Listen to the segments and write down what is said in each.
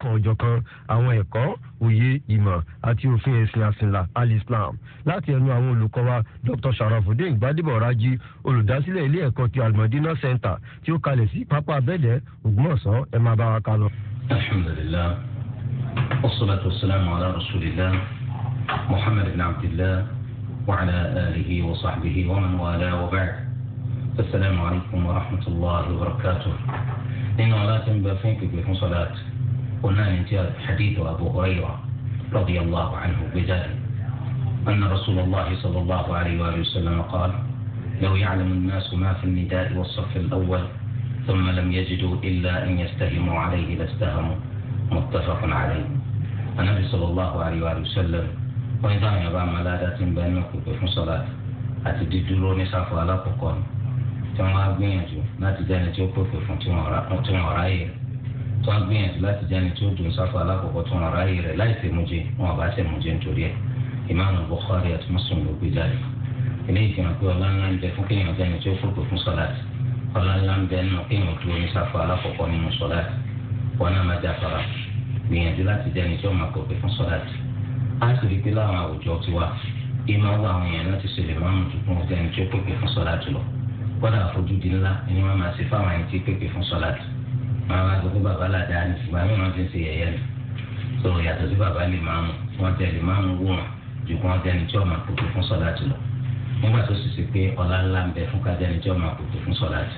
kan ọ̀jọ̀kan àwọn ẹ̀kọ́ òye ìmọ̀ àti òfin ẹ̀sìn àsìnlá alislam láti ẹnu àwọn olùkọ́ wa dr sharafudin gbadebo raji olùdásílẹ̀ ilé ẹ̀kọ́ ti almadina center tí ó kalẹ̀ sí pápá abẹ́dẹ̀ ògbómọ̀ṣọ́ ẹ máa bá wa kálọ. alhamdulilah wasalaatu wasalaamu ala rasulillah muhammad ibn abdillah wa alihi wa sahbihi wa man wala wa ba'd asalaamu alaykum wa rahmatulahi wa barakatuh nínú aláàtí ń fún sọláàtì. قلنا ينتهي حديث أبو هريرة رضي الله عنه بذلك أن رسول الله صلى الله عليه وآله وسلم قال لو يعلم الناس ما في النداء والصف الأول ثم لم يجدوا إلا أن يستهموا عليه لاستهموا متفق عليه النبي صلى الله عليه وآله وسلم وإذا يبقى ملادات بين وقوف صلاة أتدي دورو نساف على قوقون ثم أبنيته لا تدين تيوكوف فنتم ورائه tó ń gbìyànjú láti jáde tó dùn sáfù alákọ̀ọ́kọ́ tó ń ra ayé rẹ̀ láì ṣe mújẹ wọn àbá ṣe mújẹ nítorí ẹ̀ ìmáàmù Bukhari àti Muslim ló gbé jáde eléyìí fi hàn pé ọlá ńlá ń bẹ fún kéèyàn jáde tó fòkè fún sọláàtì ọlá ńlá ń bẹ nínú kéèyàn dúró ní sáfù alákọ̀ọ́kọ́ nínú sọláàtì wọn náà má já fara gbìyànjú láti jáde tó máa kọ̀ọ̀kẹ́ fún sọláàtì á rí pé láwọn àwùjọ màmá sọ fún bàbá ládàá ni bàbá máa fi ṣe yẹ̀yẹ́ ni so yàtọ̀ sí bàbá lè máa mú wọn tẹ lè máa mú wò wọn ju kí wọn dẹni tí wọn máa kótó fún sọlá ti lọ nígbà tó sì ṣe pé ọlá ńlá ń bẹ fún ká dẹni tí wọn máa kótó fún sọlá ti.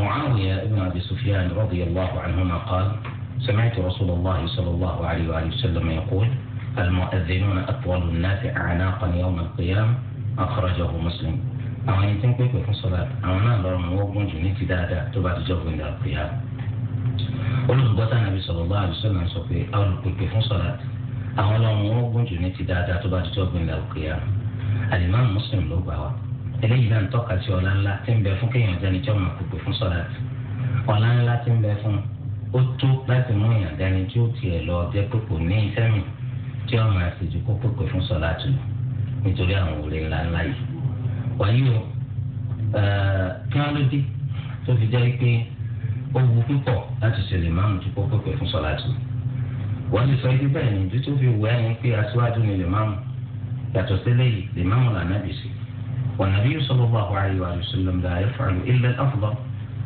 معاوية بن أبي سفيان رضي الله عنهما قال سمعت رسول الله صلى الله عليه وآله وسلم يقول المؤذنون أطول الناس أعناقا يوم القيامة أخرجه مسلم àwọn ẹni tí ń pèpè fún sọlá àwọn náà lọrùn wọn gùn jù ní ti dáadáa tó bá ti jọ gbẹndà òkúyà olùgbọ́tà nàbí sọ̀rọ̀ bá àdùsọ̀ náà sọ pé àwọn olùpèpè fún sọlá àwọn lọrùn wọn gùn jù ní ti dáadáa tó bá ti jọ gbẹndà òkúyà àlìmáà mùsùlùmí ló gbà wá eléyìí náà ń tọ́ka sí ọlá ńlá tí ń bẹ fún kéèyàn dání tí ọmọ pèpè fún sọlá ọlá ńlá tí ń bẹ fún ó tó láti mú èèyàn dání tí ó tiẹ̀ lọ jẹ́ pípò ní iṣẹ́ mi tí ọmọ àṣejù kó pèpè fún sọlá tù nítorí àwọn òrè ńlá ńlá yìí wàyí o kí wọ́n ló dé tó fi jẹ́ pé ó wu púpọ̀ láti ṣèlè máàmù tó kọ́kọ́ pẹ̀ fún sọ́láàtì wọ́n ti sọ ibi bẹ́ẹ̀ ni tó fi wù ẹ́ ni pé aṣíwájú ni lè máàmù yàtọ̀ sílẹ̀ yìí lè máàmù lànà bìsí wànàbí sallallahu alaihi wa sallam la yaf'alu illa al-afdal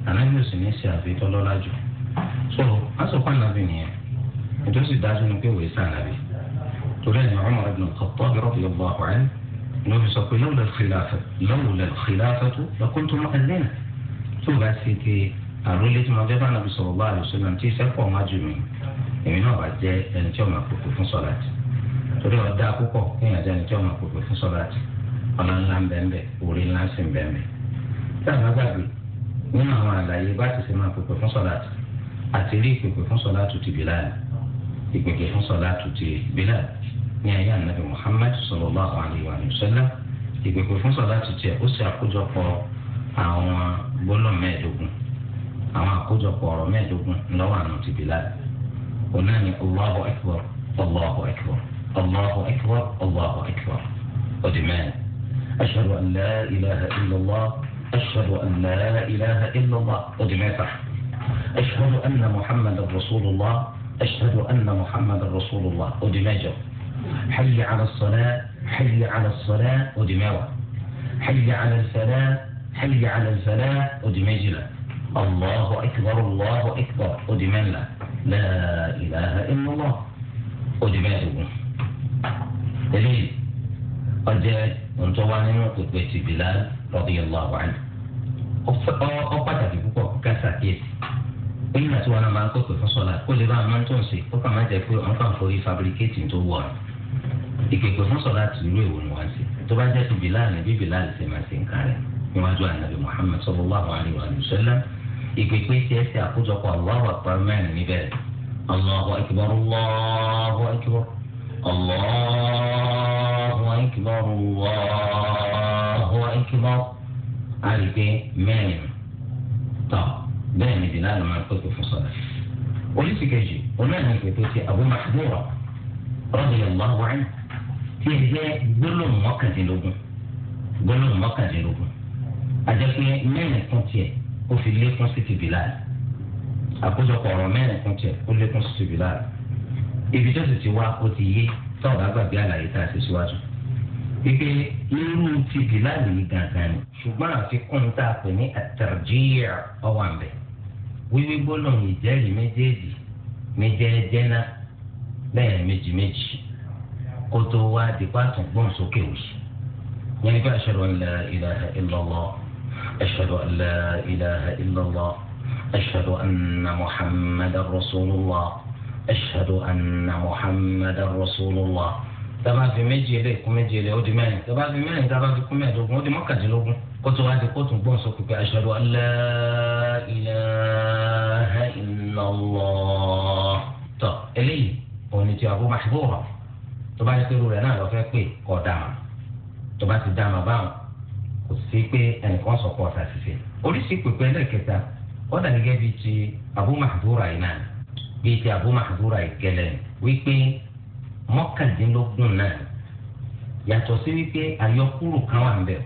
ànábì òsì ní ṣe àfihàn lọ́la jù so asọ̀kọ́ ànábì nìyẹn ètò sì dájú ni pé wòye ló fi sọ pé lọ́wọ́ lẹ́kìláfẹ́ lọ́wọ́ lẹ́kìláfẹ́ tó lọ́kùn tó mọ́ ẹ̀dẹ́nà tó bá ṣe ti àròlé tí mo fẹ́ bá nàbì sọ̀rọ̀ bá àlùsọ náà tí sẹ́pọ̀ má jù mí èmi náà wà jẹ́ ẹni tí ó máa pòpò fún sọ̀láàtì torí ọ̀dà púpọ̀ kéèyàn jẹ́ ẹni tí ó máa pòpò fún sọ̀láàtì ọ̀nà ńlá ńbẹ̀ńbẹ̀ orí ńlá sì ńbẹ̀ńbẹ̀ dáàbà gbàgbé ní ayé ànábì Muhammad sallallahu alayhi wa sallam ìgbèkùn fún sọláàtì tiẹ̀ ó sì àkójọpọ̀ àwọn gbólọ̀ mẹ́ẹ̀ẹ́dógún àwọn àkójọpọ̀ ọ̀rọ̀ mẹ́ẹ̀ẹ́dógún lọ́wọ́ àná ti Bilal ọ̀nà ni Allahu akbar Allahu akbar Allahu akbar Allahu akbar ọ̀dì mẹ́rin ashhadu an la ilaha illallah ashhadu an la ilaha illallah ọ̀dì mẹ́ta ashhadu anna Muhammadan rasulullah ashhadu anna Muhammadan rasulullah ọ̀dì mẹ́jọ. حي على الصلاة حي على الصلاة ودماوة حي على الفلاة حي على الفلاة ودمجلة الله أكبر الله أكبر ودمنا لا إله إلا الله ودماؤه دليل قد جاءت من طوال قدوة بلال رضي الله عنه ó pàtàkì púpọ̀ ká ṣàkíyèsí توانا àti wọn máa ń kọ́kọ́ fún sọ́la ó lè bá àwọn tó ń ṣe ìkẹ̀kẹ̀ fún sọ̀rọ̀ àti irú èwo ni wọ́n ṣe tó bá jẹ́ ti bilal ní bí bilal ṣe máa ṣe ń kárẹ̀ níwájú ànábì muhammed sallallahu alayhi wa sallam ìpèpè tí ẹ ṣe àkójọpọ̀ allahu akbar mẹ́rin níbẹ̀ allahu akbar allahu akbar allahu akbar allahu akbar àrígbé mẹ́rin tọ́ bẹ́ẹ̀ ni bilal máa pèpè fún sọ̀rọ̀ oríṣi kejì onáà ní ìpèpè tí jẹjẹ gbólóhùn mọ́kàndínlógún gbólóhùn mọ́kàndínlógún àjẹpẹ́ mẹ́rin kún tiẹ̀ ó fi lékún sí ti Bilal àkójọpọ̀ ọ̀rọ̀ mẹ́rin kún tiẹ̀ ó lékún sí ti Bilal ibi tó sì ti wá ó ti yé táwọn àgbàgbé àlàyé tá a ṣe síwájú pípé irú ti Bilal yìí gangan ni ṣùgbọ́n àfikún tá a pè ní àtàrjíyà ọwọ́ wíwí gbólóhùn ìjẹ́rìí méjèèjì méjèèjì lẹ́yìn méjì méjì kó tó wá dìpá tó gbọ́n sókè wì wọ́n ní bí ashhadu an la ilaha illallah ashhadu an la ilaha illallah ashhadu anna muhammadar rasulullah ashhadu anna muhammadar rasulullah taba fi méjì lé kún méjì lé ó di mẹ́rin taba fi mẹ́rin taba fi kún mẹ́ẹ̀ẹ́dógún ó di mọ́kàndínlógún kó tó wá di kó gbọ́n sókè pé ashhadu an la ilaha tọ́ eléyìí òun ni ti Abu tó bá yẹ pé irú rẹ̀ náà lọ fẹ́ pè kọ́ dáhùn tó bá ti dáhùn báwọn kò sí pé ẹnìkan sọ pé ọ̀tá ti fẹ́ oríṣi pèpè ẹlẹ́kẹta ó dà gẹ́gẹ́ bíi ti Abu Mahdura yìí náà bíi ti Abu Mahdura yìí gẹ́lẹ́ wípé mọ́kàndínlógún náà yàtọ̀ sí wípé àyọkúrò kan wà ń bẹ̀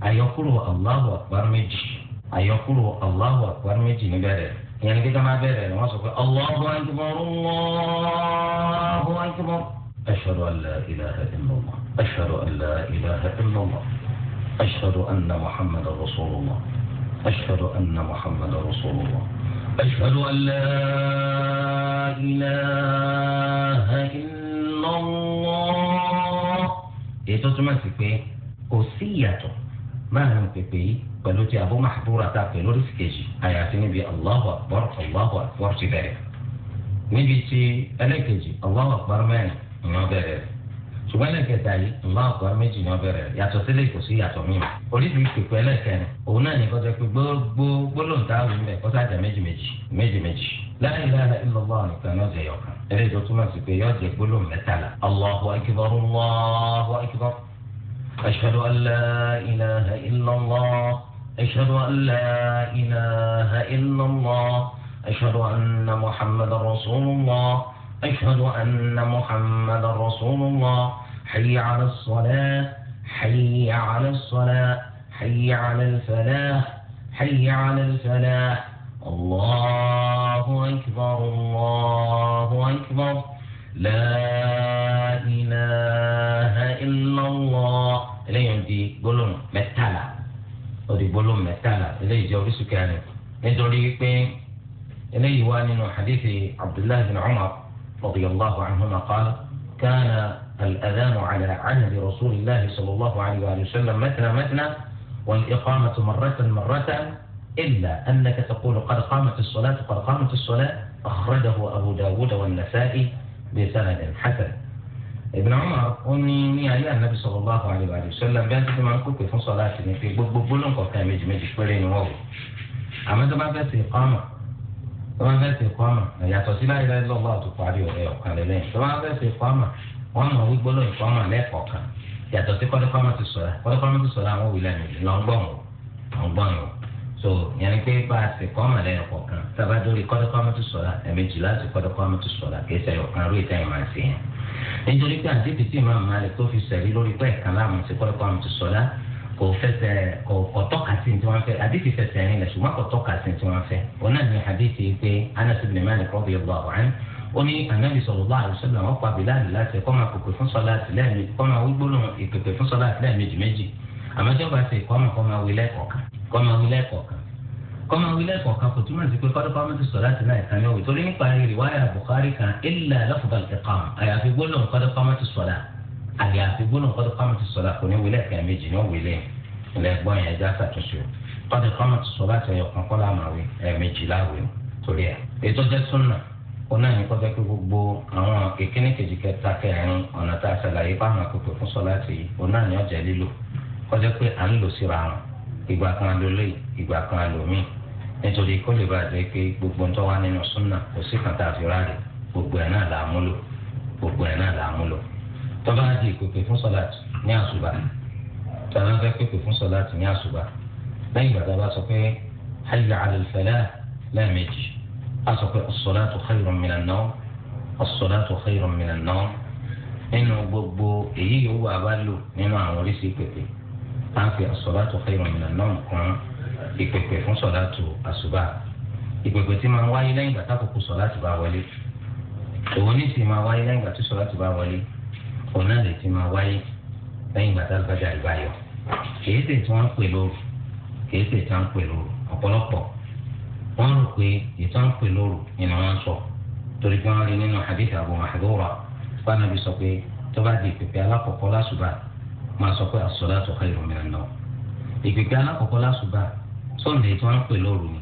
àyọkúrò Allahu Akbar méjì àyọkúrò Allahu Akbar méjì níbẹ̀rẹ̀ ìyẹn ní kíkà máa bẹ̀rẹ̀ wọ́n sọ pé Allahu Akbar Allahu Akbar. أشهد أن لا إله إلا الله أشهد أن لا إله إلا الله أشهد أن محمد رسول الله أشهد أن محمد رسول الله أشهد أن لا إله إلا الله إيه توتما سيكي أوسياتو ما هم كيبي بلوتي أبو محبورة تاكي لوريس كيجي آياتيني بي الله أكبر الله أكبر تبارك نبيتي ألي كيجي الله أكبر مالك ni wọ́n bẹ̀rẹ̀ rẹ̀ ṣùgbọ́n ẹlẹ́kẹta yìí ìmáà kọ́ méjì ni wọ́n bẹ̀rẹ̀ rẹ̀ yàtọ̀ sílẹ̀ kò sí yàtọ̀ mímọ́ oríṣiríṣi pẹ̀lú ẹlẹ́kẹrin òun náà ní kọjá pé gbogbo gbólóǹtà àwọn ilẹ̀ kọ́sá jà méjì méjì méjì méjì la ilaha illallah nìkan náà jẹ yọkan eléyìí tó túmọ̀ sí pé yọ jẹ gbólóǹ mẹ́tàlá allahu akbar أشهد أن محمد رسول الله حي على الصلاة حي على الصلاة حي على الفلاح حي على الفلاح الله أكبر الله أكبر لا إله إلا الله إليه دي بلوم متالا ودي بلوم متالا إليه جوري سكاني إليه جوري إليه واني حديث عبد الله بن عمر رضي الله عنهما قال كان الأذان على عهد رسول الله صلى الله عليه وآله وسلم مثنى مثنى والإقامة مرة مرة إلا أنك تقول قد قامت الصلاة قد قامت الصلاة أخرجه أبو داود والنسائي بسند حسن ابن عمر أني ní النبي صلى الله عليه وآله وسلم bẹ́ẹ̀ tó máa في صلاة في بب ní fi gbogbo gbólóǹkọ̀ kan méjì méjì péré ni tọ́ba fẹ́ ṣe kọ́ àmà yàtọ̀ sí láyé láyé lọ́wọ́ àti parí ọ̀rẹ́ ọ̀kan lẹ́lẹ́yìn tọ́ba fẹ́ ṣe kọ́ àmà wọ́n mọ̀ wí gbọ́dọ̀ ìkọ́ àmà lẹ́kọ̀ọ̀kan yàtọ̀ sí kọ́dọ́kọ́mọ ti sọ̀rọ̀ kọ́dọ́kọ́mọ ti sọ̀rọ̀ àwọn òwìlẹ̀ lọ́ngbọ̀n lọ́ngbọ̀n o so yẹn ni pé bá a ṣe kọ́ àmà lẹ́yọ̀kọ̀kan tọ́ba dórí kọ́dọ́kọ́mọ ti sọ̀rọ̀ ẹ̀mejì láti kọ́dọ́kọ́mọ ti sọ̀rọ̀ kì í ṣe ọ̀kan rú ìtẹ́ ìmọ̀ àti yẹn nítorí pé àdébìtì máa máa lè tó fi sẹ̀rí lórí pẹ́ẹ̀kan láàmú sí kọ́dọ́kọ́mọ ti sọ̀rọ̀ kò fẹsẹ̀ kò kò tọ́ka sí tí wọ́n fẹ́ àdìsí fẹsẹ̀ rìn lẹ̀ ṣùgbọ́n kò tọ́ka sí tí wọ́n fẹ́ wọn náà ní àdìsí pé Anas ibn Malik radiyallahu anhu ó ní anabi sallallahu alaihi wasallam wọn pa Bilal láti kọ́ máa pèpè fún sọlá àtìlẹ́ẹ̀mejì kọ́ máa wí gbólóhùn ìpèpè fún sọlá àtìlẹ́ẹ̀mejì méjì àmọ́ tí wọ́n bá ṣe kọ́ máa kọ́ máa wí lẹ́ẹ̀kọ̀ọ̀kan kọ́ máa wí lẹ́ẹ̀kọ̀ọ̀kan kọ́mọ wílẹ̀ kọ̀ọ̀kan kò túmọ̀ sí pé kọ́dọ̀kọ́ ọmọdé sọ̀rọ̀ àti náà ìkànnì òwe torí nípa rí rìwáyà Bukhari àyà àti gbólóhùn kọ́dọ̀ kọ́mọ̀tì sọ̀lá kò ní wílẹ̀ kẹ́ méjì ní òwìlẹ̀ ẹ̀gbọ́n yẹn já sàtúnṣe kọ́dọ̀ kọ́mọ̀tì sọ̀lá àti ẹ̀yọ̀kan kọ́ láàmàwé ẹ̀ẹ̀mejì láwé torí ẹ̀ ètò jẹ́ súnà ó náà ní kọ́jọ́ pé gbogbo àwọn ìkíní kejì kẹta kẹrin ọ̀nà tá a ṣàlàyé fáwọn àkókò fún sọ̀lá àti yìí ó náà ní ọ̀jẹ̀ lílò kọ́jọ́ pé à ń lò síra wọn ìgbà kan lólè ìgbà kan lòmíì nítorí kó lè bàjẹ́ pé gbogbo ń tọ́ nínú súnà kò sí kàtà àfi ráàlì gbogbo ẹ̀ náà làá gbogbo ẹ̀ náà làá tọ́ba di ìpèpè fún sọ́láàtì ní àṣùbà tọ́ba fẹ́ pèpè fún sọ́láàtì ní àṣùbà lẹ́yìn ìgbà tọ́ba sọ pé hayya ala al-falah lẹ́ẹ̀mejì a sọ pé as-salatu khayrun min an-nawm as-salatu khayrun min an-nawm nínú gbogbo èyí yòówù àbá lò nínú àwọn oríṣi ìpèpè à ń fi as-salatu khayrun min an kún ìpèpè fún sọ́láàtì òun náà lè ti máa wáyé lẹ́yìn ìgbà tá a lọ́jà ìgbà yọ kìí ṣe tí wọ́n ń pè lóru kìí ṣe tí wọ́n ń pè lóru ọ̀pọ̀lọpọ̀ wọ́n rò pé ètò à ń pè lóru ni wọ́n ń sọ torí pé wọ́n rí nínú hadith Abu Mahdura fanabi sọ pé tó bá di ìpèpè alákọ̀ọ́kọ́ lásùbà máa sọ pé as-salatu khayrun minan nawm ìpèpè alákọ̀ọ́kọ́ lásùbà sọ̀ndẹ̀ ètò à ń pè lóru ni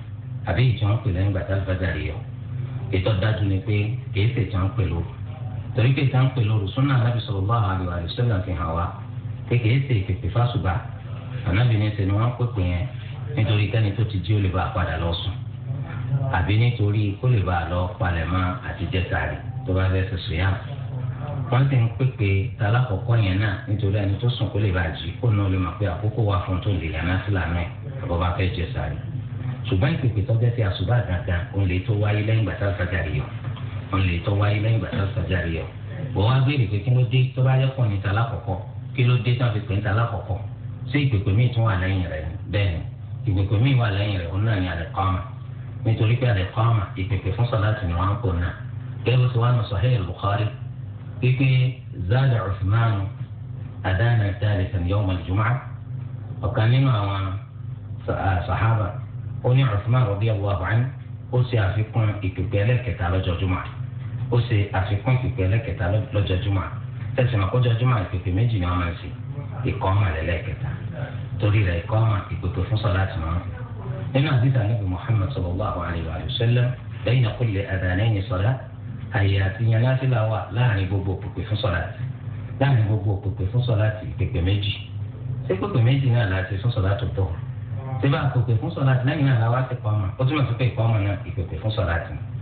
àbí ètò à ń pè lẹ́yìn ìgbà tá a lọ́jà yọ ètò dájú ni pé kìí ṣe tí wọ́n ń pè lóru torí pé ìta ń pè lóru súnà anábì sallallahu alaihi wasallam fi hàn wá kékeré ṣe ìpèpè fásùbà anábì ní sẹni wọn pèpè yẹn nítorí kẹ́ni tó ti jí ó lè bá a padà lọ sùn àbí nítorí kó lè bá a lọ palẹ̀mọ́ àti jẹ́sàárì tó bá fẹ́ ṣe sùn yá wọ́n ti ń pèpè tala kọ̀kọ́ yẹn náà nítorí ẹni tó sùn kó lè bá a jí kó náà lè mọ̀ pé àkókò wà fún tó lè yànnà sílànà ẹ̀ kan lè tọ́ wáyé lẹ́yìn ìgbà tó sàjáde yọ wọ́n wá béèrè pé kí ló dé tó bá yẹ kàn ní tala kọ̀kọ́ kí ló dé tó fi pè ní tala kọ̀kọ́ ṣé ìpèpè míì tún wà lẹ́yìn rẹ̀ bẹ́ẹ̀ ni ìpèpè míì wà lẹ́yìn rẹ̀ òun náà ni àlẹ́kọ́mà nítorí pé àlẹ́kọ́mà ìpèpè fún sọ̀láàtì ni wọ́n ń kó náà gẹ́gẹ́ sọ wọn sọ hẹ́ẹ̀ Bukhari ó ní àfikún ìpèpè ẹlẹ́kẹta lọ́jọ́ jumu'ah ó ṣe àfikún ìpèpè ẹlẹ́kẹta lọ́jọ́júmọ́ tẹ̀sán àkójọ́júmọ́ ìpèpè méjì ni wọ́n máa ń ṣe ìkọ́ ọmọ ẹlẹ́kẹta torí rẹ̀ ìkọ́ ọmọ ìpèpè fún sọ láti mọ́ nínú àdìsá níbi Muhammad sallallahu alayhi wa sallam lẹ́yìn kulli adhanayn sọ̀rọ̀ àyè àti yanláṣí là wà láàrin gbogbo òpèpè fún sọ̀rọ̀ àti láàrin gbogbo òpèpè fún sọ̀rọ̀ àti ìpèpè méjì ṣé pèpè méjì náà láti fún sọ̀rọ̀ àti bọ̀ ṣé bá àpèpè fún sọ̀rọ̀ àti lẹ́yìn náà làwọn àti kọ́ ọmọ ó túmọ̀ sí pé ìkọ́ ọmọ náà ìpèpè fún sọ̀rọ̀ àti mọ́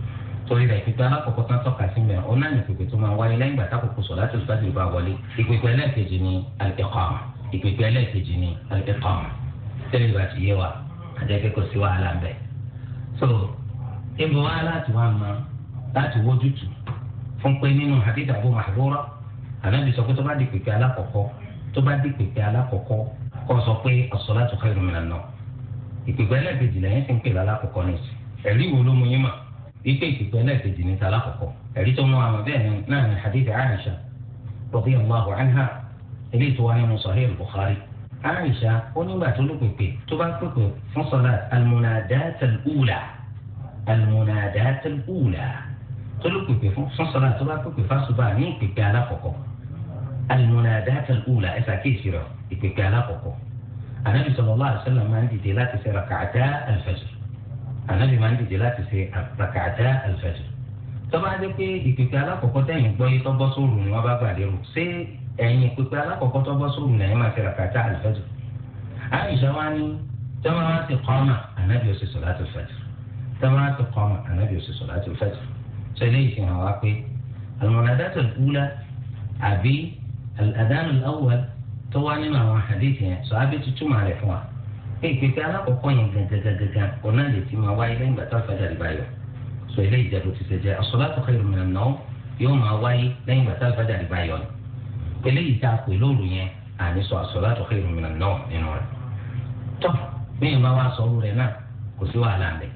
torí rẹ̀ pípẹ́ alákọ̀ọ́kọ́ tán tọ́ka sí mẹ́rin ọ̀nà ìpèpè tó máa wáyé lẹ́yìn gbàtà kòkò sọ̀ láti ìfẹ́ ìgbà wọlé ìpèpè ẹlẹ́ẹ̀kejì ni al-iqama ìpèpè ẹlẹ́ẹ̀kejì ni al-iqama tẹ́lẹ̀ ìgbà tí yé wa àjẹkẹ́ kò sí wàhálà ń bẹ̀. so ibo wa láti wá ma láti wójútu fún pé nínú hadith Abu Mahdura ànábi sọ pé tó bá di pèpè alákọ̀ọ́kọ́ tó bá di pèpè alákọ̀ọ́kọ́ kọ́ sọ pé as-salatu khayrun minan nawm ìpèpè ẹlẹ́ẹ̀kejì lẹ́yìn tí ń pè بكيفك ناتج من تلاقكم حديث ما بين من حديث عائشه رضي الله عنها حديث وانا من صحيح البخاري عائشه ونما تلقك تبقك فصلت المنادات الاولى المنادات الاولى تلقك فصلت تبقك فصبا منك كالاقكم المنادات الاولى اذا كيسر يكالاقكم النبي صلى الله عليه وسلم عندي ثلاث ركعتا الفجر ànábì máa ń dìde láti ṣe àbàkàdá àlùfẹ́jù tọ́ba á dé pé ìpèpè alákọ̀ọ́kọ́ tẹ̀yìn gbọ́ yé tọ́gbọ́ sóòrù ni wọ́n bá gbà lérò ṣé ẹ̀yìn ìpèpè alákọ̀ọ́kọ́ tọ́gbọ́ sóòrù ni ẹ̀yìn máa ṣe àbàkàdá àlùfẹ́jù àìsàn wa ni tọ́ba wa ti kọ́mà ànábì ó ṣe sọ láti fẹ́jù tọ́ba wa ti kọ́mà ànábì ó ṣe sọ láti fẹ́jù ṣe eléyìí fi hàn pé àlùmọ̀nàdàtà ìgbésẹ alákọọkọ yẹn gàgàgàgàgà ọ̀nà lè ti máa wáyé lẹ́yìn bàtà àfàjàrí báyọ̀ sọ ilé ìjẹ́bù ti ṣe jẹ́ as-salatu khayrun minan nawm yóò máa wáyé lẹ́yìn bàtà àfàjàrí báyọ̀ eléyìí tá a pè lóru yẹn àní sọ as-salatu khayrun minan nawm nínú rẹ̀ tọ́ bẹ́ẹ̀ máa wá sọ rẹ̀ náà kò sí wàhálà ń bẹ̀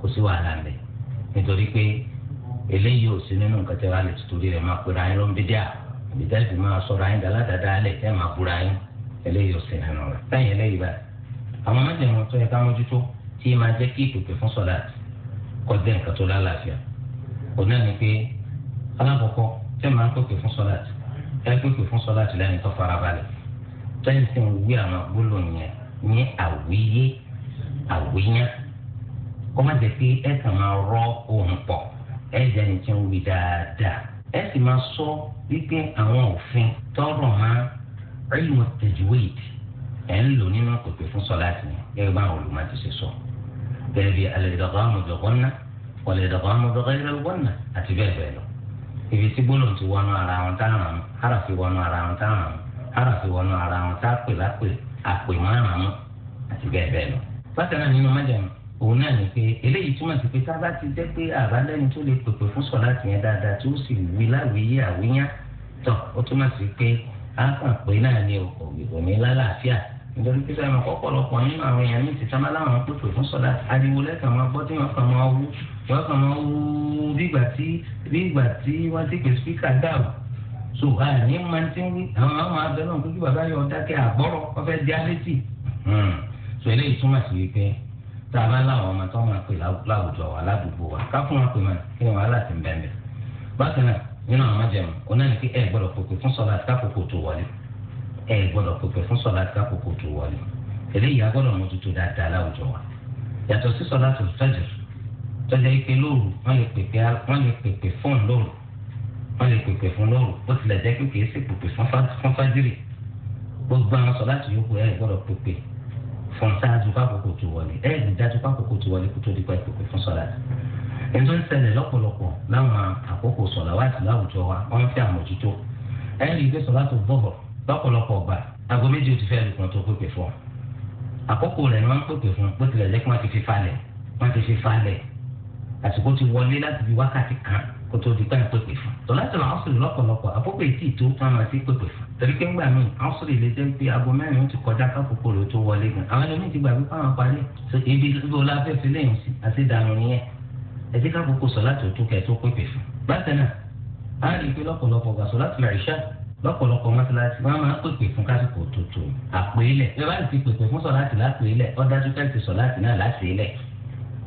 kò sí wàhálà ń bẹ̀ nítorí pé eléyìí ò sí nínú nǹkan tẹ́ wàá lè tutù rí rẹ̀ máa pera àwọn májèmọ̀ tó yẹ ká mójútó tí máa jẹ́ kí ìpèpè fún sọ̀láàtì kọjá nǹkan tó lálàáfíà kò náà ni pé alákọ̀ọ́kọ́ tẹ́ máa ń pèpè fún sọ̀láàtì ẹ pèpè fún sọ̀láàtì lẹ́yìn tó farabalẹ̀ tẹ́yìn tí ń wí àwọn gbólóhùn yẹn ní àwíyé àwíyán kó má jẹ́ pé ẹ kàn máa rọ ohun pọ̀ ẹ jẹ́ ẹni tí ń wí dáadáa ẹ sì máa sọ wípé àwọn òfin tọrọ máa ilmu tajwid ẹ̀ ń lò nínú àpòpẹ́ fún sọ́láàtì ni gẹ́gẹ́ bá àwọn olùmọ̀ ti ṣe sọ gẹ́gẹ́ bí al-idgham bi ghanna wal-idgham bi ghayri al-ghanna àti bẹ́ẹ̀ bẹ́ẹ̀ lọ. ibi tí gbólóhùn ti wọnú ara wọn tá ràn án fi wọnú ara wọn tá ràn án fi wọnú ara wọn tá lápè àpè márùn-ún àti bẹ́ẹ̀ bẹ́ẹ̀ lọ. bákan náà kàn pé náà ni òní lálàáfíà nítorí pé sẹ́yìn ọ̀pọ̀lọpọ̀ nínú àwọn èèyàn ní ìtìtàn bá láwọn pèpè fún sọ́dá ariwo lẹ́kàn máa gbọ́ tí wọ́n kàn máa wú wọ́n kàn máa wú bígbà tí bígbà tí wọ́n ti pè spíkà dáàbò so àní máa ti ń wí àwọn àwọn abẹ́ náà kójú bàbá yọ dákẹ́ àgbọ́rọ̀ wọ́n fẹ́ di alétì hmm. so eléyìí túmọ̀ sí wípé tá a bá láwọn ọmọ tó máa pè láwùjọ wa ládùúgbò wa ká fún wọn pè máa kí wọn aláàtì ń bẹ̀ẹ̀ bákan náà nínú àwọn jẹun onáà ní pé ẹ gbọ́dọ̀ pèpè fún sọ́dá àti kákòókò tó wọlé ẹ gbọ́dọ̀ pèpè fún sọlá tí àkókò tó wọlé eléyìí agbọ́dọ̀ mójútó dáadáa láwùjọ wa yàtọ̀ sí sọlá tó fẹjọ tọjá ike lóru wọn lè pèpè wọn lè pèpè fún lóru wọn lè pèpè fún lóru bó tilẹ̀ jẹ́ pé kìí ṣe pèpè fún fájírì gbogbo àwọn sọlá tó yókù ẹ gbọ́dọ̀ pèpè fún sáájú kákòókò tó wọlé ẹ lè dájú kákòókò tó wọlé kó tó di pa ìpèpè fún sọlá ẹjọ́ ń ṣẹlẹ̀ lọ́pọ̀lọpọ̀ láwọn àkókò sọ̀lá wáàtì láwùjọ wa wọ́n ń fẹ́ àmójútó ẹ lè gbé sọlá tó bákọ̀lọpọ̀ ọ̀gbà aago méjì ti fẹ́ lùkùn tó pépè fún ọ. àkókò rẹ̀ ni wọ́n ń pépè fún bó tilẹ̀ jẹ́ pé wọ́n ti fi falẹ̀ wọ́n ti fi falẹ̀ àsìkò ti wọlé láti fi wákàtí kan kó tó di pé ń pépè fún. tọ́lá tó làwọn sọ̀rọ̀ lọ́pọ̀lọpọ̀ àkókò ètí ìtó wọn máa ti pépè fún. torí pé ńgbà míì àwọn sọ̀rọ̀ ilé jẹ́ pé aago mẹ́rin ti kọjá kákòókò rẹ̀ tó wọlé gan. àwọn ẹlòmíì ti gbà pé káwọn parí ibi ibo la fẹ́ fi léyìn sí àti ìdààmú nìyẹn. ẹ jẹ́ kákòókò sọ̀lá tó tó kẹ́ tó pépè fún. bákan náà á rí lọ́pọ̀lọpọ̀ mọ́sálásí wọn máa ń pèpè fún kásìkò tuntun àpèélẹ̀ bí wọ́n bá ti pèpè fún sọ̀láàtì lápèélẹ̀ ó dájú pé ti sọ̀láàtì náà láṣèélẹ̀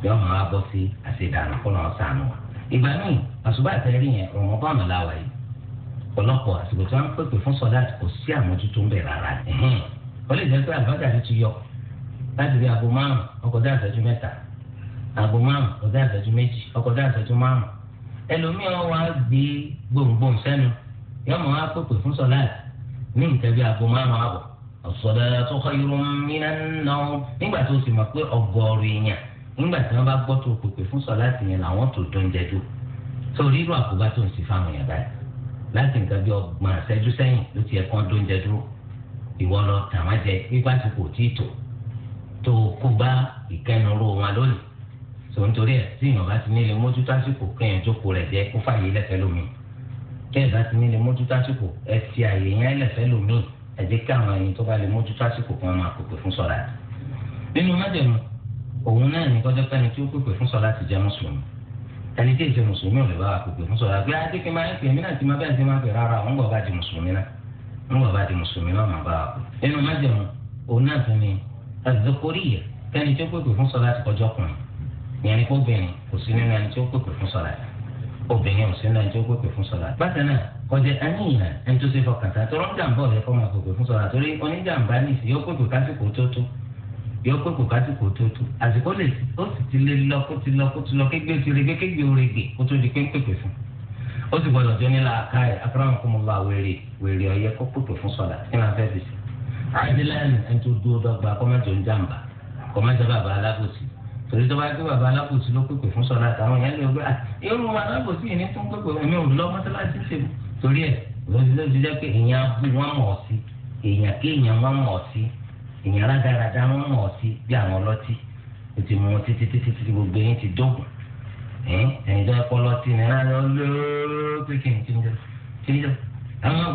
yóò máa bọ́ sí àṣedànù kó náà sànù wa. ìgbà míì àṣùbà àtẹ̀rí yẹn ọ̀rùn ọba àmàlà wa yìí ọ̀pọ̀lọpọ̀ àsìkò tí wọ́n ń pèpè fún sọ̀láàtì kò sí àmójútó ń bẹ̀ rárá ó lè jẹ́ pé àlùbáṣà ti ti yọ láti rí aago márùn ọkọ̀dá àṣẹjú mẹ́ta aago márùn ọkọ̀dá àṣẹjú méjì ọkọ̀dá àṣẹjú márùn ẹlòmíràn wá gbé gbòǹgbòǹ sẹ́nu yọmọ wa pèpè fún sọlá ní nǹkan bí aago márùn àbọ̀ as-salatu khayrun minan nawm nígbà tó sì mọ̀ pé ọgọ́rù èèyàn nígbà tí wọ́n bá gbọ́ tó pèpè fún sọlá ti yẹn làwọn tó dán jẹjọ tó rírọ àkóbá tó ń sì fáwọn yàrá yìí láti nǹkan bí ọgbọ̀n àṣẹjú sẹ́yìn ló ti yẹ kán dó ń jẹ dúró ìwọ lọ tàwọn jẹ nígbà tí kò tí ì tò tó kó bá bẹ́ẹ̀ bá ti ní lè mójú tásìkò ẹ ti àyè yẹn lẹ́fẹ̀ẹ́ lòmíì ẹ jẹ́ kí àwọn ẹni tó bá lè mójú tásìkò kan máa pèpè fún sọ̀rọ̀ àti. nínú májèmú òun náà ní kọjá pẹ́ni tí ó pèpè fún sọ̀rọ̀ àti jẹ́ mùsùlùmí ẹni tí èsè mùsùlùmí ò lè bá wa pèpè fún sọ̀rọ̀ àgbẹ̀ adé ah, kí n máa ń pè mí náà ti máa bẹ́ẹ̀ ti máa pè rárá òun bọ̀ bá di mùsùlùmí náà òun bọ̀ bá di mùsùlùmí náà ni àdókòríyè kẹ́ni tí ó pèpè fún sọ̀rọ̀ àti kọjọ́ ni kó bẹ̀rẹ̀ kò sí obìnrin ò sí náà ẹni tó gbòkè fún sọlá bákan náà kọjá àníyàn ẹni tó ṣe fọkàn tán tọrọ jàǹbá ọ̀rẹ́ kọ́ máa gbòkè fún sọlá torí oníjàǹbá nìsí yóò gbòkè kásìkò tó tó yóò gbòkè kásìkò tó tó àsìkò lè ó sì ti lé lọ kó ti lọ kó ti lọ kégbé ti rege kégbé orege kó tó di pé ń pèpè fún ó sì gbọdọ̀ tó nílà àkáyè akérèmọkùnmọ́lá wèrè wèrè ọ̀yẹ kó pèpè fún sọlá kí ni a fẹ́ fi sí àdìlẹ́yìn ẹni tó dúró dọ́gba kọ́mẹ́jọ ń jàǹbá kọ́mẹ́jọ bàbá alábòsí torí tó bá gbé bàbá alábòsí ló pèpè fún sọlá àtàwọn èèyàn lè gbé irú alábòsí yìí ní tún pèpè èmi ò lọ mọ́sálásí ṣe torí ẹ̀ lọ́sí ló ti jẹ́ pé èèyàn abú wọn mọ̀ ọ́ sí èèyàn kí èèyàn wọn mọ̀ ọ́ sí èèyàn rádaràdá wọn mọ̀ ọ́ sí bí àwọn ọlọ́tí o ti mú wọn títí títí títí gbogbo yín ti dógùn ẹ̀yìn tó ẹ̀kọ́ lọ́tí ni láti ọlọ́ọ́ pé kí n ti ń jẹ́ ti ń jẹ́ àwọn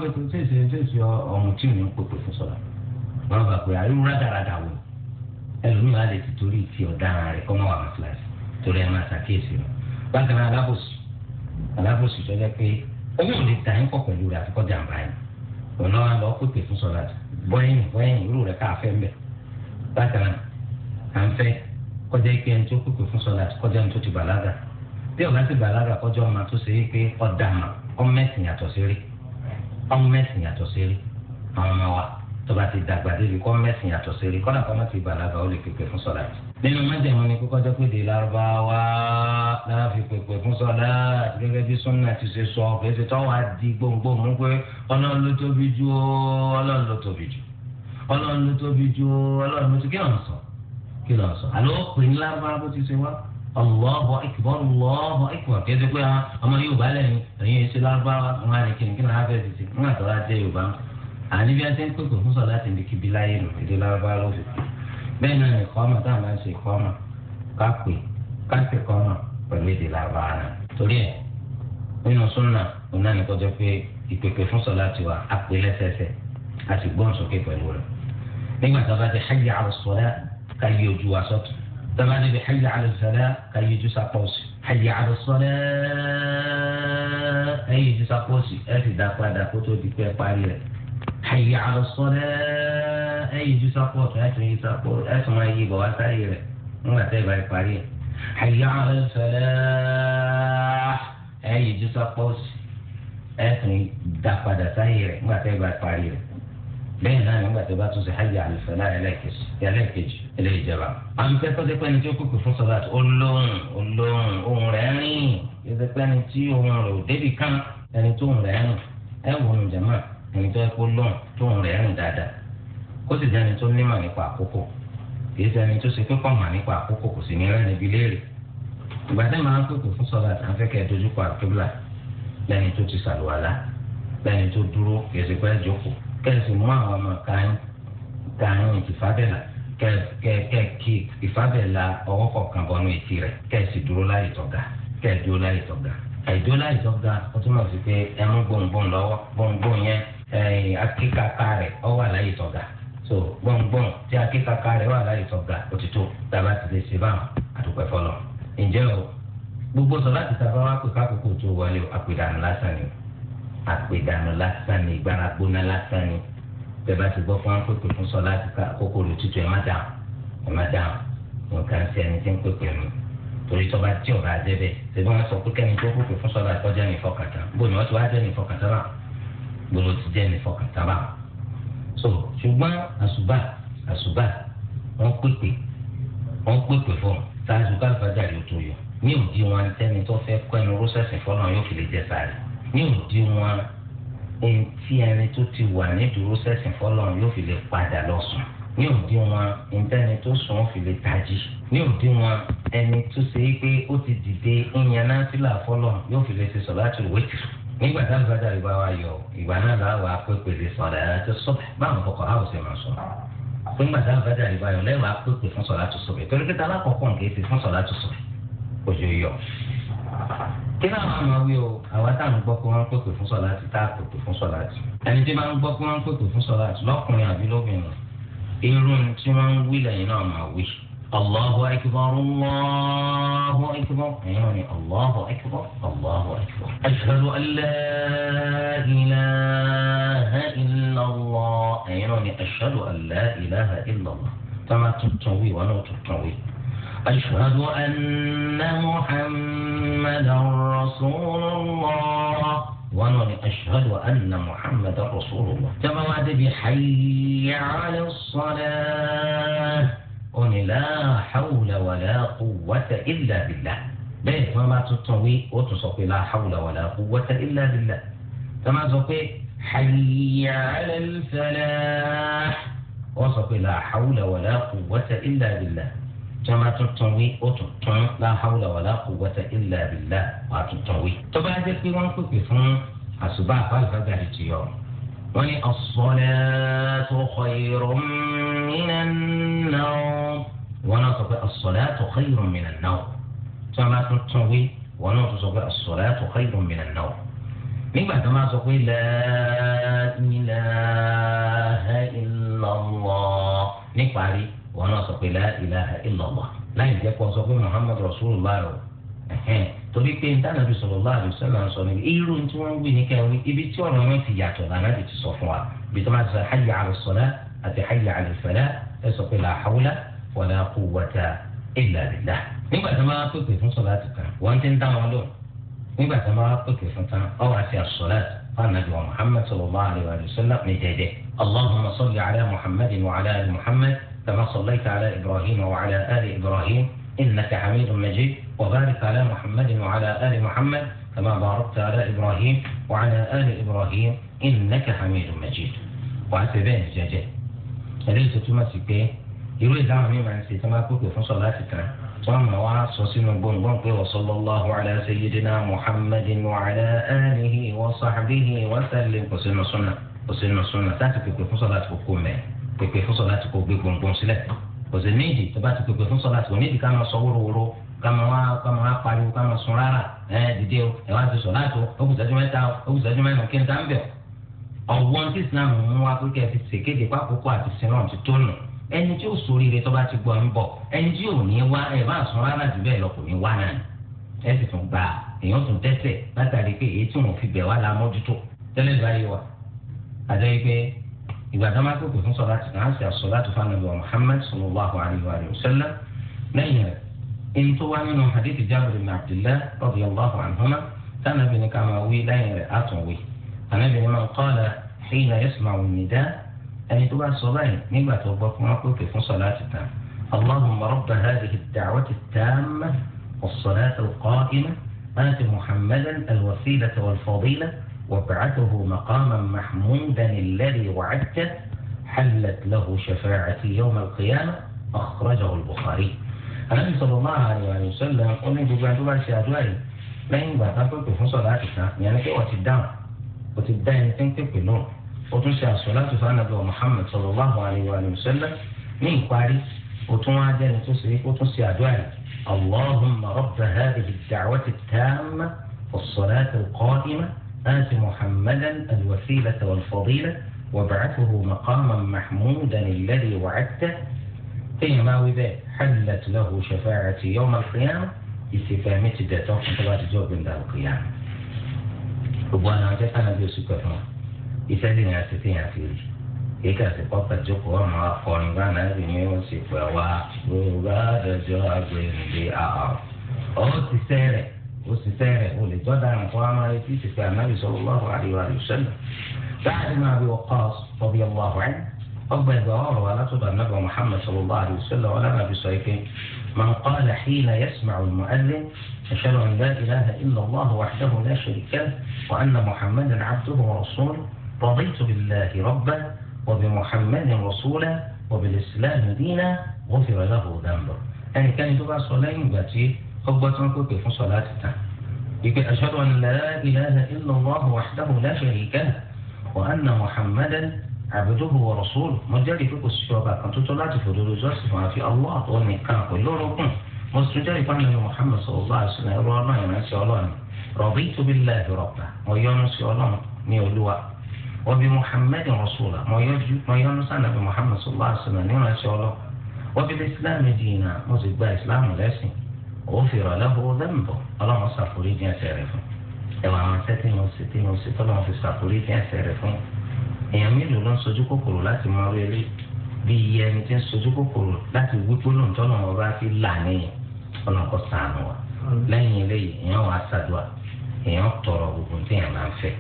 akẹ́kọ̀ọ́ ẹlòmíì wà lè ti torí ti ọ̀daràn rẹ̀ kọ́mọ́ wà mọ́sálásí torí ẹ̀ máa ṣàkíyèsí rẹ̀ bákan náà alábòsù alábòsù tó jẹ́ pé owó ò lè ta ẹ̀ ń pọ̀ pẹ̀lú rẹ̀ àfikọ́ jàǹbá yìí ọ̀nà wa lọ pèpè fún sọ̀rọ̀ àti bọ́yìn bọ́yìn irú rẹ̀ ká fẹ́ mbẹ̀ bákan náà à ń fẹ́ kọjá ike ẹni tó pèpè fún sọ̀rọ̀ àti kọjá ẹni tó ti bàlágà bí ọ̀gá ti bàlágà kọjá ọmọ tó ṣe é pé ọ̀dàmà ọmọ ẹ̀sìn yàtọ̀ sí rí ọmọ ẹ̀sìn tọba ti dàgbà débi kọ́ mẹ́sìn yàtọ̀ sẹ́rí kọ́nà kọ́nà ti bàlágà ó lè pèpè fún sọ́lá yìí. nínú májèmú ni kókó jẹ́ pé de lárúbáwá náà fi pèpè fún sọ́lá gẹ́gẹ́ bí súnà ti ṣe sọ kèsì tọ́wọ́ á di gbòǹgbò mú pé ọlọ́run ló tóbi ju ọlọ́run ló tóbi ju ọlọ́run ló tóbi ju ọlọ́run ló tóbi kí lọ́n sọ kí lọ́n sọ àlọ́ pè ní lárúbáwá bó ti ṣe wá Allahu akbar Allahu akbar kèsì pé ah, ọmọ Yorùbá lẹ́yìn ẹ̀yìn ẹ̀ṣẹ̀ lárúbáwá wọn á ní kíni kí àní bí a ti ń pèpè fún sọlá ti níbi láyé nù èdè lárúbá ló fi pè bẹ́ẹ̀ náà ẹ̀kọ́ ọmọ táwọn máa ń ṣe ẹ̀kọ́ ọmọ ká pè ká sì kọ́ ọmọ pẹ̀lú èdè lárúbá rẹ̀ torí ẹ̀ nínú súnà òun náà ní kọjá pé ìpèpè fún sọlá wà á pè lẹ́sẹẹsẹ a sì gbọ́n sókè pẹ̀lú rẹ̀ nígbà tó bá ti hayya ala sọlá ká yí ojú wa sọ́tún tó bá ti hayya ala sọlá ká yí ojú sapọ́ọ̀sì hayy ala salat ẹ̀yìn ju sápọ̀ tó ẹ̀sùn yìí sápọ̀ ẹ̀sùn máa yí bọ̀ wá sáyé rẹ̀ nígbà tẹ́ ìbá ìparí ẹ̀ hayy ala salat ẹ̀yìn ju sápọ̀ ẹ̀sùn dá padà sáyé rẹ̀ nígbà tẹ́ ìbá ìparí rẹ̀ bẹ́ẹ̀ náà nígbà tẹ́ bá tún ṣe hayy ala salat ẹlẹ́ẹ̀kejì ilé ìjọba. àwọn tẹ́ tọ́jú tí ó kúkú fún sọ́dà olóhùn olóhùn ohùn rẹ̀ rìn ìdẹ́pẹ́ni tí ohùn rẹ̀ ò débì kan ẹni tó ohùn rẹ̀ rìn ẹ̀ wọ̀ ẹni tó ń kó lọ́n tóun rẹ̀ rìn dáadáa kó sì jẹ́ni tó nímọ̀ nípa àkókò kìí ṣe ẹni tó ṣe pípọ̀ mọ̀ nípa àkókò kò sì ní rẹ́ níbi léèrè ìgbà tẹ́ máa ń pèpè fún sọ́lá lẹ́ni tó ti sàlùwàlá lẹ́ni tó dúró kìí ṣe pẹ́ jókòó kẹ́ẹ̀sì mú àwọn ọmọ kàáyìn kàáyìn ìfábẹ́là kẹ́ẹ̀kì ìfábẹ́là ọwọ́ kọ̀ọ̀kan bọ́nú etí rẹ̀ kẹ́ẹ̀sì dúró láyè tọ́ga kẹ́ẹ̀ dúró láyè àìdúró ó túmọ̀ sí pé gbòǹgbòǹ akíkaka rẹ̀ ọ wà láyé tọ̀gà so gbọ̀ngbọ̀n tí akíkaka rẹ̀ wà láyé tọ̀gà òtítọ́ tàbá ti lè ṣe báwọn àdùpẹ́ fọlọ́ ǹjẹ́ o gbogbo sọ láti tàbá wá pè kákòókò tó wọlé o àpèdànù lásán ni àpèdànù lásán ni ìgbára gbóná lásán ni bẹ́ẹ̀ bá ti gbọ́ fún akókò fún sọ láti kókò lòtútù ẹ̀ má dáhùn ẹ̀ má dáhùn nǹkan ṣe ẹni tí ń pèpè mi torí tọba tí ọba jẹ bẹ́ẹ̀ ṣe bí wọn sọ pé kẹ́ni tó kókò fún sọ láti kọjá ní ìfọkàtà bóyá wọn ti wá jẹ ní ìfọkàtà náà gbọ́dọ̀ ti jẹ́ ẹni fọkàn tábà so ṣùgbọ́n àṣùbà àṣùbà wọ́n pèpè wọ́n pèpè fún ṣáàṣù káfíńtà yóò tó yọ ní òdi wọn tẹ́ni tó fẹ́ kọ́ ẹni rọ́ṣẹ̀sì fọ́nà yóò fi lè jẹ sáré ní òdi wọn ohun tí ẹni tó ti wà nídùú rọ́ṣẹ̀sì fọ́nà yóò fi lè padà lọ sùn ní òdi wọn ìtẹ́ni tó sùn fi lè tají ní òdi wọn ẹni tó ṣe é pé ó ti dìde ìyẹn náà sílà fọ́nà yóò fi lè ṣe sọ̀rọ̀ láti wẹ́tìrì nígbà tá àlùfáàjà ìgbà wa yọ ìgbà náà là wà pépè lè sọ̀rọ̀ ẹ̀ tó sọ báwọn kọ̀kọ́ àwọn sì máa sọ nígbà tá àlùfáàjà ìgbà yọ lẹ́wà pépè fún sọ̀rọ̀ àtúnṣe bẹ̀ torí kíta alákọ̀ọ́kọ́ nǹkan èsì fún sọ̀rọ̀ àtúnṣe òjò yọ. kí náà wọn máa wí o àwa tá à ń gbọ́ pé wọ́n pépè fún sọ̀rọ̀ àti tá à pépè fún sọ̀rọ̀ àti ẹni tí máa ń gbọ́ pé wọ́n pépè fún sọ̀rọ̀ àti lọ́kùnrin àbí lóbìnrin irun tí wọ́n ń wí lẹ́yìn náà máa wí الله أكبر الله أكبر يعني الله أكبر الله أكبر أشهد أن لا إله إلا الله يعني أشهد أن لا إله إلا الله كما تبتوي ولو تبتوي أشهد أن محمدا رسول الله وأنا أشهد أن محمدا رسول الله كما وعد بحي على الصلاة قل لا hawla wàlá quwwata illa billah bẹ́ẹ̀ tí wọ́n bá tuntun wí ó tún sọ pé la hawla wàlá quwwata illa billah tí wọ́n bá sọ pé hayya ala al-falah ó sọ pé la hawla wàlá quwwata illa billah tí wọ́n bá tuntun wí ó tún tún la hawla wàlá quwwata illa billah wà tuntun wí. tó bá jẹ́ pé wọ́n pèpè fún àṣùbà àfáàlùfáà gàdì tì yọ̀ wọ́n ní as-salatu khayrun minan nawm wọn náà sọ pé as-salatu khayrun min an-nawm tí wọn bá tún tún wí wọn náà tún sọ pé as-salatu khayrun min an-nawm nígbà tó máa sọ pé la ilaha illallah níparí wọn náà sọ pé la ilaha illallah láì jẹ́ kó sọ pé muhammadu rasulullah o torí pé ntànàbí sallallahu alaihi wasallam sọ níbi irú tí wọn ń wí ní kẹwìn ibi tí ọ̀rọ̀ wọn ti yàtọ̀ lànà ti sọ fún wa bí tó máa sọ hayya ala salat àti hayya ala falah ẹ sọ pé la hawla wala quwwata illa billah. nígbà tí wọ́n máa pèpè fún sọ̀láàtì kan wọ́n ti ń dá wọn lò nígbà tí wọ́n máa pèpè fún tán ọ̀rọ̀ àti àsọ̀láàtì fanabi wa muhammad sallallahu alayhi wa sallam ní dẹ́dẹ́. allahumma salli ala muhammadin wa ala ali muhammad kama sallaita ala ibrahim wa ala ali ibrahim innaka hamidun majid wa barik ala muhammadin wa ala ali muhammad kama barakta ala ibrahim wa ala ali ibrahim innaka hamidun majid. wàá ti bẹ́ẹ̀ jẹjẹ. ẹ̀rí ìtútù máa pé irú ìdáhùn mi máa ń ṣe tí wọ́n bá pèpè fún sọ̀lá ti tán wọ́n mọ̀ wá sọ sínú gbọ̀ngbọ̀n pé sallallahu ala sayyidina muhammadin wa ala alihi wa sahbihi wa sallim kò sínú súnà kò sínú súnà láti pèpè fún sọ̀lá ti kókó mẹ́ pèpè fún sọ̀lá ti kó gbé gbọ̀ngbọ̀n sílẹ̀ kò sí níìdì tó bá ti pèpè fún sọ̀lá ti kò níìdì ká máa sọ wórówóró ká máa wá ká máa pariwo ká máa sun rárá ẹ dìde o ẹ wá ti sọ̀lá tó ó kù sẹ́jú mẹ́ta ó kù sẹ́jú mẹ́rin kí n ẹni tí yóò sórí rẹ tó bá ti gbọ́ ń bọ̀ ẹni tí yóò ní wá ẹ̀ máa sọ rárá jù bẹ́ẹ̀ lọ kò ní wá náà ẹ sì tún gba èèyàn tún dẹ́sẹ̀ látàrí pé èyí tí wọ́n fi bẹ̀ wá la mójútó tẹ́lẹ̀ báyìí wa àti pé ìgbà tó máa kókò fún sọlá tó náà ṣe àsọlá tó fáwọn ọmọ Muhammad sallallahu alayhi wa sallam lẹ́yìn rẹ̀ ẹni tó wá nínú hadith Jabir bin Abdullah radiyallahu ẹni تبع bá مما báyìí nígbà tó gbọ́ fún اللهم رب هذه الدعوة التامة والصلاة القائمة آت محمدا الوسيلة والفضيلة وابعثه مقاما محمودا الذي وعدته حلت له شفاعتي يوم القيامة أخرجه البخاري النبي صلى الله عليه وسلم قال لي بقى بقى شادوي لين بقى تقول في صلاة يعني كي وتدعم وتدعم تنكب نور o tún ṣe àsọlátù fanabu muhammed sallallahu alayhi wa sallam ní ìparí o tún wá jẹ́ni tó ṣe o tún ṣe àdúrà yìí allahumma rabba hadhihi ad-da'wati at-tamma was-salati al-qa'ima آت محمدا الوسيلة والفضيلة وابعثه مقاما محمودا الذي وعدته فيما وذا حلت له شفاعتي يوم القيامة استفهامتي دتوقع تبعت جواب من القيامة gbogbo àwọn ajẹ́ká náà bí oṣù kẹfà iṣẹ́ lè ní àti téèyàn fi rí kíkà sí pọ́pẹ́ tó kọ́ ọ̀run akọrin bá nàbì ni ó sì pẹ̀ wá yorùbá ẹ̀jọ́ agbèrèdè àhàn ó ti sẹ́rẹ̀ ó sì sẹ́rẹ̀ ó lè tọ́da nǹkan á máa retí ìsìnkú ànábì sọ̀rọ̀ lọ́wọ́ àríwá àlùsẹ́lẹ̀ dáàdì máa bí ọkọ̀ ọbí ọmọ àwọn ọgbà ẹgbà ọ̀rọ̀ wa látọ̀dọ̀ ànábì muhammed sọ̀rọ̀ lọ́wọ́ àlùsẹ́lẹ̀ ọlọ́nàbì sọ ike من قال حين يسمع المؤذن أشهد أن لا إله إلا الله وحده لا شريك له وأن محمدا عبده ورسوله رضيت بالله ربا وبمحمد رسولا وبالإسلام دينا غفر له ذنبه يعني كان يدعى صلاة يباتي خطبة كنت في صلاة يقول أشهد أن لا إله إلا الله وحده لا شريك له وأن محمدا عبده ورسوله مجالي فوق الشباب كنت طلعت في دول جرس في الله وأن كان كل ركن مسجد فأنا محمد صلى الله عليه وسلم رضيت بالله ربا الله من ميولوا wọ́bi muhammed rasuula mo yọjú mo yọnu sànàbí muhammed sallallahu alayhi wa sallam nínú ẹsẹ̀ ọlọ́ wọ́bi islam dìínà mo sì gba islam lẹ́sìn òfin ìrọ̀lẹ́ bó lẹ́mbọ̀ ọlọ́run ṣàforíjì ẹ̀ṣẹ̀ rẹ̀ fún ẹ̀wọ̀n àwọn ẹ̀ṣẹ̀ tí mo ṣe tí mo ṣe tọ́lọ́run fi ṣàforíjì ẹ̀ṣẹ̀ rẹ̀ fún èèyàn mélòó ló ń sojú kòkòrò láti mọ orí ilé bí iye ẹni tí ń sojú kòkòrò láti wí gbólóhùn tọ́lọ́run ọba fi là níyìn ọlọ́run sànù wa lẹ́yìn eléyìí èèyàn wàá ṣàdúrà èèyàn tọrọ gbogbo tí èèyàn máa ń fẹ́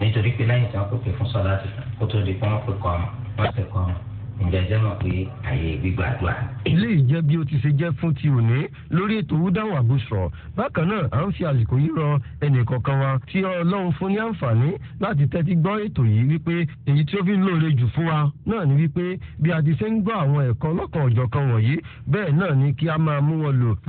nítorí pé lẹ́yìn tí wọ́n pèpè fún sọ́lá ti kó tó di pé wọ́n pèkọ́ ọmọ wọ́n pèkọ́ ọmọ ìjẹjẹ mọ̀ pé àyè gbígbàdúrà. ilé ìjẹ́ bí o ti ṣe jẹ́ fún ti òní lórí ètò húdáwà àbúṣọ bákan náà à ń fi àsìkò yìí rọ ẹnìkọ̀ọ̀kan wa tí ọlọ́run fún ní àǹfààní láti tẹ́tí gbọ́ ètò yìí wípé èyí tí ó fi ń lóore jù fún wa náà ni wípé bí a ti ṣe ń gbọ́ àwọn ẹ̀kọ́ ọlọ́kan ọ̀jọ̀kan wọ̀nyí bẹ́ẹ̀ náà ni kí a máa mú wọn lò